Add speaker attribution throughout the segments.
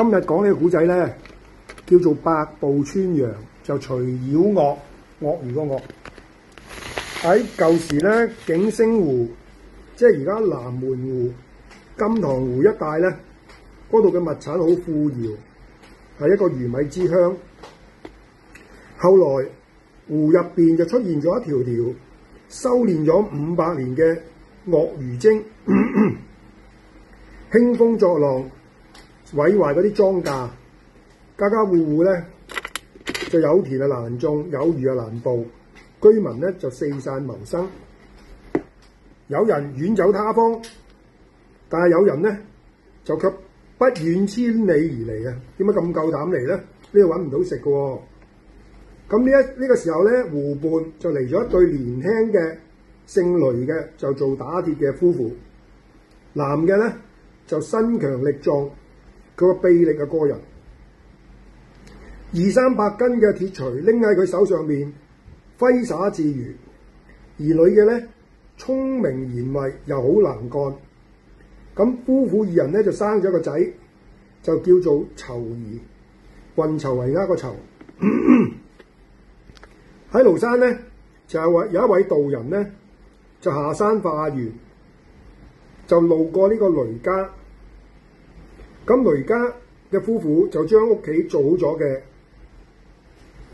Speaker 1: 今日講嘅呢個古仔咧，叫做《百步穿楊》，就除妖鱷，鱷魚個鱷。喺舊時咧，景星湖，即係而家南門湖、金塘湖一帶咧，嗰度嘅物產好富饒，係一個魚米之鄉。後來湖入邊就出現咗一條條修煉咗五百年嘅鱷魚精咳咳，興風作浪。毀壞嗰啲莊稼，家家戶戶咧就有田啊難種，有魚啊難捕，居民咧就四散謀生。有人遠走他方，但係有人咧就卻不遠千里而嚟啊！點解咁夠膽嚟咧？呢度揾唔到食㗎，哦。咁呢一呢個時候咧，湖畔就嚟咗一對年輕嘅姓雷嘅，就做打鐵嘅夫婦。男嘅咧就身強力壯。佢個臂力嘅過人，二三百斤嘅鐵錘拎喺佢手上面揮灑自如。而女嘅咧，聰明賢惠，又好難幹。咁夫婦二人咧就生咗一個仔，就叫做籌兒，運籌帷幄，個籌。喺咳咳廬山咧，就係有一位道人咧，就下山化緣，就路過呢個雷家。咁雷家嘅夫婦就將屋企做好咗嘅，誒、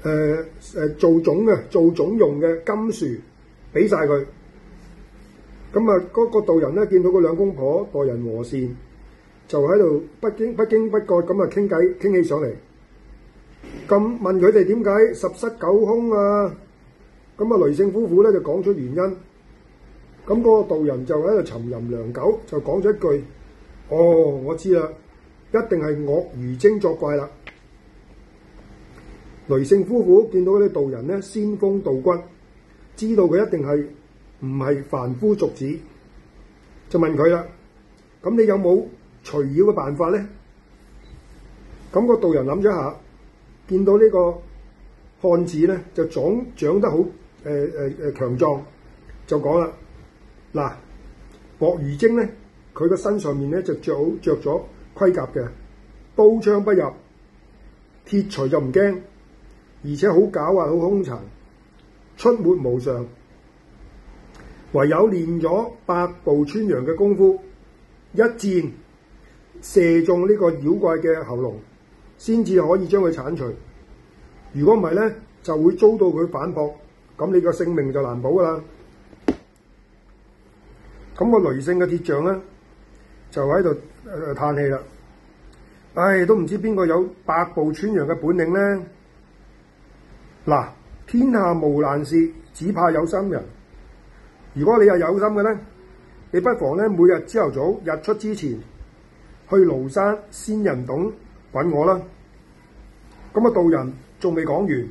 Speaker 1: 呃、誒做種嘅做種用嘅金樹俾晒佢。咁啊，嗰、那個道人咧見到嗰兩公婆待人和善，就喺度不，不經不經不覺咁啊傾偈傾起上嚟。咁問佢哋點解十室九空啊？咁啊，雷姓夫婦咧就講出原因。咁、那、嗰個道人就喺度沉吟良久，就講咗一句，哦，我知啦。一定係鱷魚精作怪啦！雷聖夫婦見到啲道人咧，仙風道骨，知道佢一定係唔係凡夫俗子，就問佢啦：咁你有冇除妖嘅辦法咧？咁個道人諗咗一下，見到呢個漢子咧，就長長得好誒誒誒強壯，就講啦：嗱，鱷魚精咧，佢個身上面咧就着好著咗。盔甲嘅刀槍不入，鐵錘就唔驚，而且好狡猾、好兇殘，出沒無常。唯有練咗百步穿楊嘅功夫，一箭射中呢個妖怪嘅喉嚨，先至可以將佢剷除。如果唔係咧，就會遭到佢反撲，咁你個性命就難保噶啦。咁、嗰個雷性嘅鐵匠咧，就喺度誒嘆氣啦！唉，都唔知邊個有百步穿楊嘅本領咧？嗱，天下無難事，只怕有心人。如果你係有心嘅咧，你不妨咧每日朝頭早日出之前去廬山仙人洞揾我啦。咁啊，道人仲未講完，咁、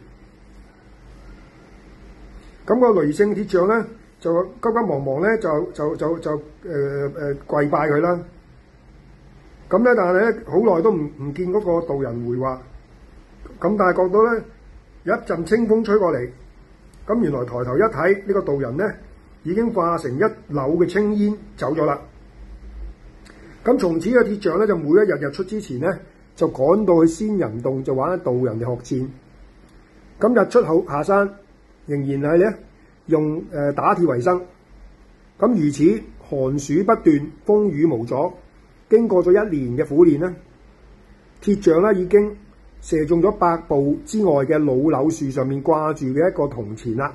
Speaker 1: 那個雷姓鐵匠咧就急急忙忙咧就就就就誒誒、呃呃、跪拜佢啦。咁咧，但係咧，好耐都唔唔見嗰個道人回話。咁但係覺到咧，有一陣清風吹過嚟。咁原來抬頭一睇，這個、呢個道人咧已經化成一縷嘅青煙走咗啦。咁從此嘅鐵匠咧，就每一日日出之前咧，就趕到去仙人洞，就玩道人嘅學箭。咁日出後下山，仍然係咧用誒打鐵為生。咁如此寒暑不斷，風雨無阻。經過咗一年嘅苦練咧，鐵匠咧已經射中咗百步之外嘅老柳樹上面掛住嘅一個銅錢啦。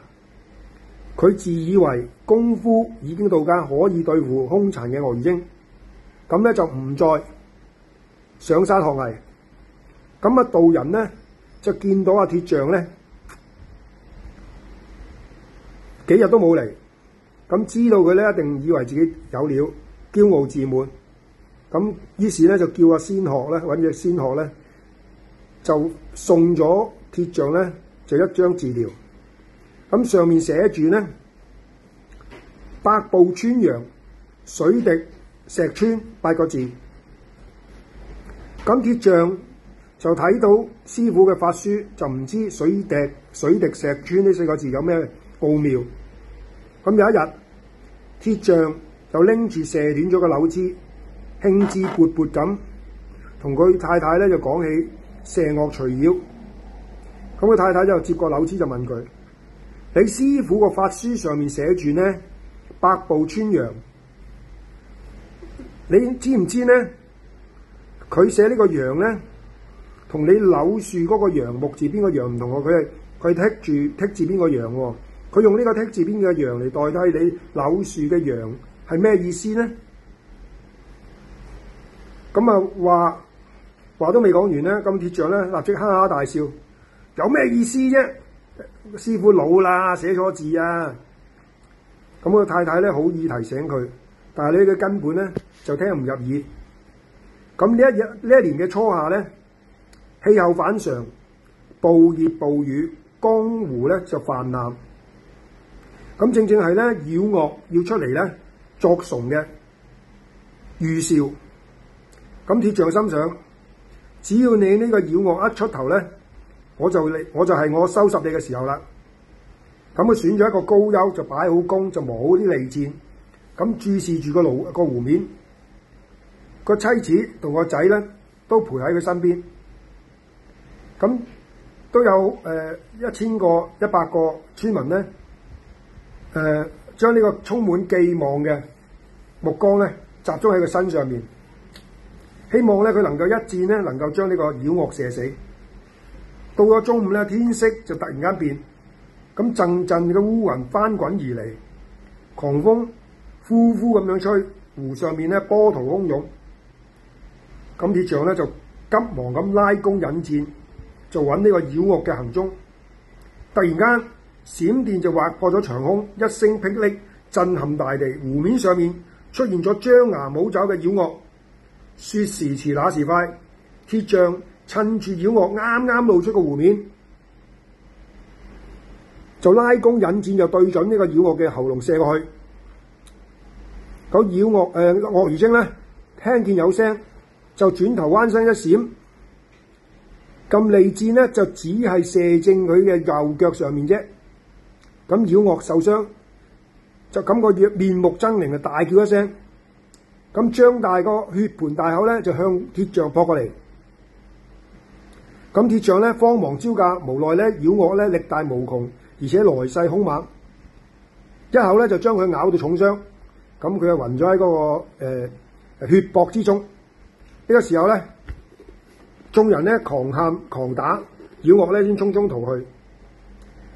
Speaker 1: 佢自以為功夫已經到家，可以對付兇殘嘅外英，咁咧就唔再上山學藝。咁啊，道人呢，就見到阿鐵匠咧幾日都冇嚟，咁知道佢咧一定以為自己有料，驕傲自滿。咁於是咧就叫阿仙鶴咧揾隻仙鶴咧就送咗鐵匠咧就一張字條，咁上面寫住咧百步穿楊、水滴石穿八個字。咁鐵匠就睇到師傅嘅法書，就唔知水滴水滴石穿呢四個字有咩奧妙。咁有一日，鐵匠就拎住射斷咗個柳枝。興致勃勃咁，同佢太太咧就講起射鱷除妖。咁佢太太就接過柳枝就問佢：你師傅個法書上面寫住呢，百步穿楊，你知唔知呢？佢寫呢個「楊」呢，同你柳樹嗰個楊木字邊個「楊」啊唔同喎。佢係佢剔住剔字邊個「揚」哦喎。佢用呢個剔字邊個「揚」嚟代替你柳樹嘅「楊」，係咩意思呢？咁啊，話話都未講完咧，咁鐵匠咧立即哈哈大笑，有咩意思啫？師傅老啦，寫錯字啊！咁個太太咧好意提醒佢，但係呢個根本咧就聽唔入耳。咁呢一日呢一年嘅初夏咧，氣候反常，暴熱暴雨，江湖咧就氾濫。咁正正係咧，妖鱷要出嚟咧，作祟嘅預兆。咁鐵匠心想：只要你呢個妖鱷一出頭咧，我就你我就係我收拾你嘅時候啦。咁佢選咗一個高丘，就擺好弓，就磨好啲利箭，咁注視住個路個湖面。個妻子同個仔咧都陪喺佢身邊。咁都有誒一千個、一百個村民咧，誒、呃、將呢個充滿寄望嘅目光咧，集中喺佢身上面。希望咧佢能夠一箭呢，能夠將呢個妖鱷射死。到咗中午咧，天色就突然間變，咁陣陣嘅烏雲翻滾而嚟，狂風呼呼咁樣吹，湖上面咧波濤洶湧。咁鐵匠咧就急忙咁拉弓引箭，就揾呢個妖鱷嘅行蹤。突然間閃電就劃破咗長空，一聲霹靂震撼大地，湖面上面出現咗張牙舞爪嘅妖鱷。說時遲，那時快，鐵匠趁住妖鱷啱啱露出個湖面，就拉弓引箭，就對準呢個妖鱷嘅喉嚨射過去。咁妖鱷誒呢個鱷魚精咧，聽見有聲，就轉頭彎身一閃，咁利箭咧就只係射正佢嘅右腳上面啫。咁妖鱷受傷，就感覺面目猙獰，就大叫一聲。咁張大個血盆大口咧，就向鐵匠撲過嚟。咁鐵匠咧慌忙招架，無奈咧妖鱷咧力大無窮，而且來勢凶猛，一口咧就將佢咬到重傷。咁佢就暈咗喺嗰個、呃、血泊之中。呢、呢個時候咧，眾人咧狂喊狂打，妖鱷咧先匆匆逃去。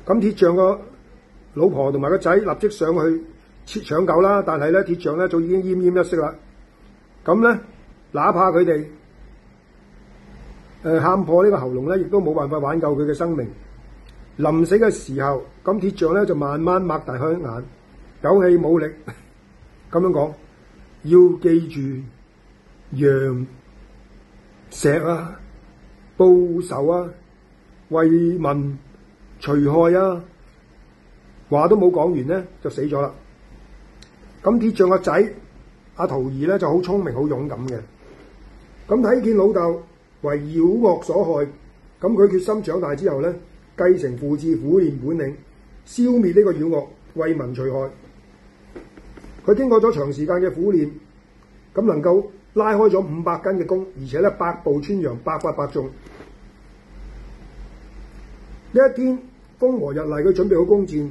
Speaker 1: 咁鐵匠個老婆同埋個仔立即上去，切搶救啦，但係咧鐵匠咧就已經奄奄一息啦。咁咧，哪怕佢哋誒喊破呢個喉嚨咧，亦都冇辦法挽救佢嘅生命。臨死嘅時候，咁鐵匠咧就慢慢擘大開眼，有氣冇力咁樣講，要記住，揚石啊，報仇啊，為民除害啊，話都冇講完咧，就死咗啦。咁鐵匠個仔阿徒兒咧就好聰明，好勇敢嘅，咁睇見老豆為妖鱷所害，咁佢決心長大之後咧，繼承父志，苦練本領，消滅呢個妖鱷，為民除害。佢經過咗長時間嘅苦練，咁能夠拉開咗五百斤嘅弓，而且咧百步穿楊，百發百中。呢一天風和日麗，佢準備好弓箭，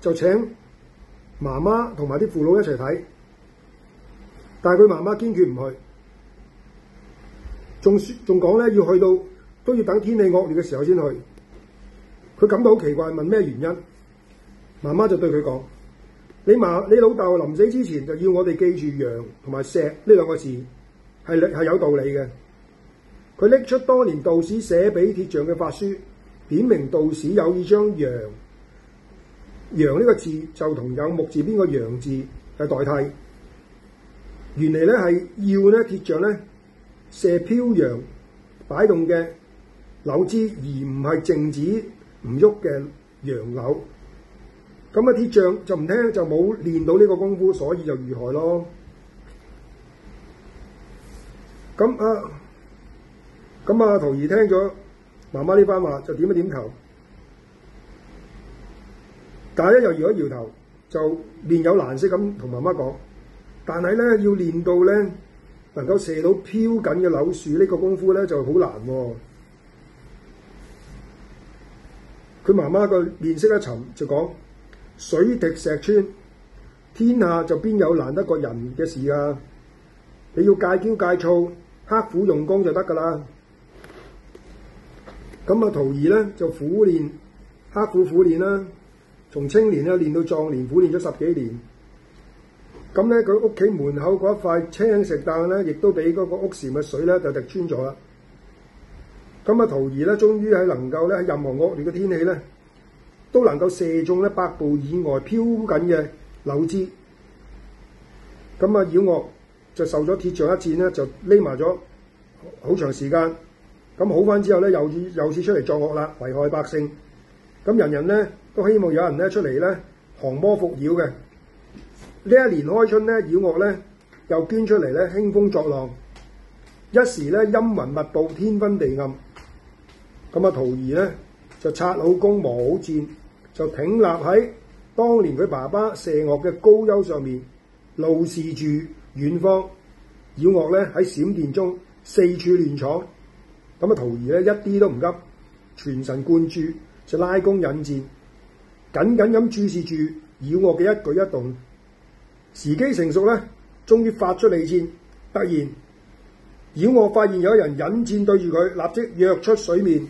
Speaker 1: 就請媽媽同埋啲父老一齊睇，但係佢媽媽堅決唔去，仲説仲講咧要去到都要等天氣惡劣嘅時候先去。佢感到好奇怪，問咩原因？媽媽就對佢講：你媽你老豆臨死之前就要我哋記住羊同埋石呢兩個字，係係有道理嘅。佢拎出當年道士寫俾鐵匠嘅法書，點明道士有意將羊。揚呢個字就同有木字邊個楊字係代替，原嚟咧係要咧鐵匠咧射飄揚擺動嘅柳枝，而唔係靜止唔喐嘅楊柳。咁啊，鐵匠就唔聽，就冇練到呢個功夫，所以就遇害咯。咁啊，咁啊，桃兒聽咗媽媽呢番話，就點一點頭。但係又搖一搖頭，就面有難色咁同媽媽講。但係咧，要練到咧能夠射到飄緊嘅柳樹呢個功夫咧，就好難喎，哦。佢媽媽個面色一沉，就講：水滴石穿，天下就邊有難得過人嘅事啊！你要戒驕戒躁，刻苦用功就得㗎啦。咁、嗯、啊，徒兒咧就苦練，刻苦苦練啦。從青年咧練到壯年，苦練咗十幾年。咁咧，佢屋企門口嗰一塊青，青石凳咧，亦都俾嗰個屋檐嘅水咧就滴穿咗啦。咁啊，徒兒咧，終於喺能夠咧，喺任何惡劣嘅天氣咧，都能夠射中咧百步以外飄緊嘅柳枝。咁啊，妖鱷就受咗鐵匠一箭咧，就匿埋咗好長時間。咁好翻之後咧，又又試出嚟作惡啦，危害百姓。咁人人咧～都希望有人咧出嚟咧降魔伏妖嘅。呢一年開春咧，妖鱷咧又捐出嚟咧，興風作浪，一時咧陰雲密布，天昏地暗。咁、嗯、啊，徒兒咧就擦好弓，磨好箭，就挺立喺當年佢爸爸射鱷嘅高丘上面，怒視住遠方。妖鱷咧喺閃電中四處亂闖，咁、嗯、啊，徒兒咧一啲都唔急，全神貫注就拉弓引箭。緊緊咁注視住妖鱷嘅一舉一動，時機成熟咧，終於發出利箭。突然，妖鱷發現有人引箭對住佢，立即躍出水面，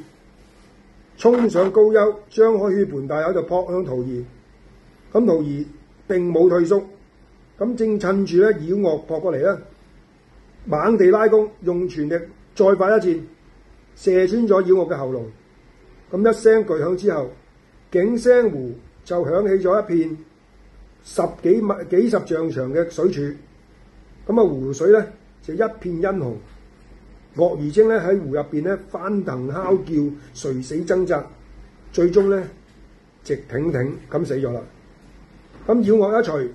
Speaker 1: 衝上高丘，張開血盆大口就撲向屠兒。咁屠兒並冇退縮，咁正趁住咧妖鱷撲過嚟咧，猛地拉弓，用全力再發一箭，射穿咗妖鱷嘅喉嚨。咁一聲巨響之後。景星湖就響起咗一片十幾米、幾十丈長嘅水柱，咁啊湖水咧就一片殷紅，鱷魚精咧喺湖入邊咧翻騰敲叫、垂死掙扎，最終咧直挺挺咁死咗啦。咁妖鱷一除，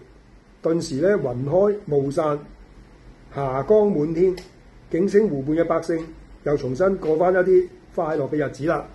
Speaker 1: 頓時咧雲開霧散，霞光滿天，景星湖畔嘅百姓又重新過翻一啲快樂嘅日子啦。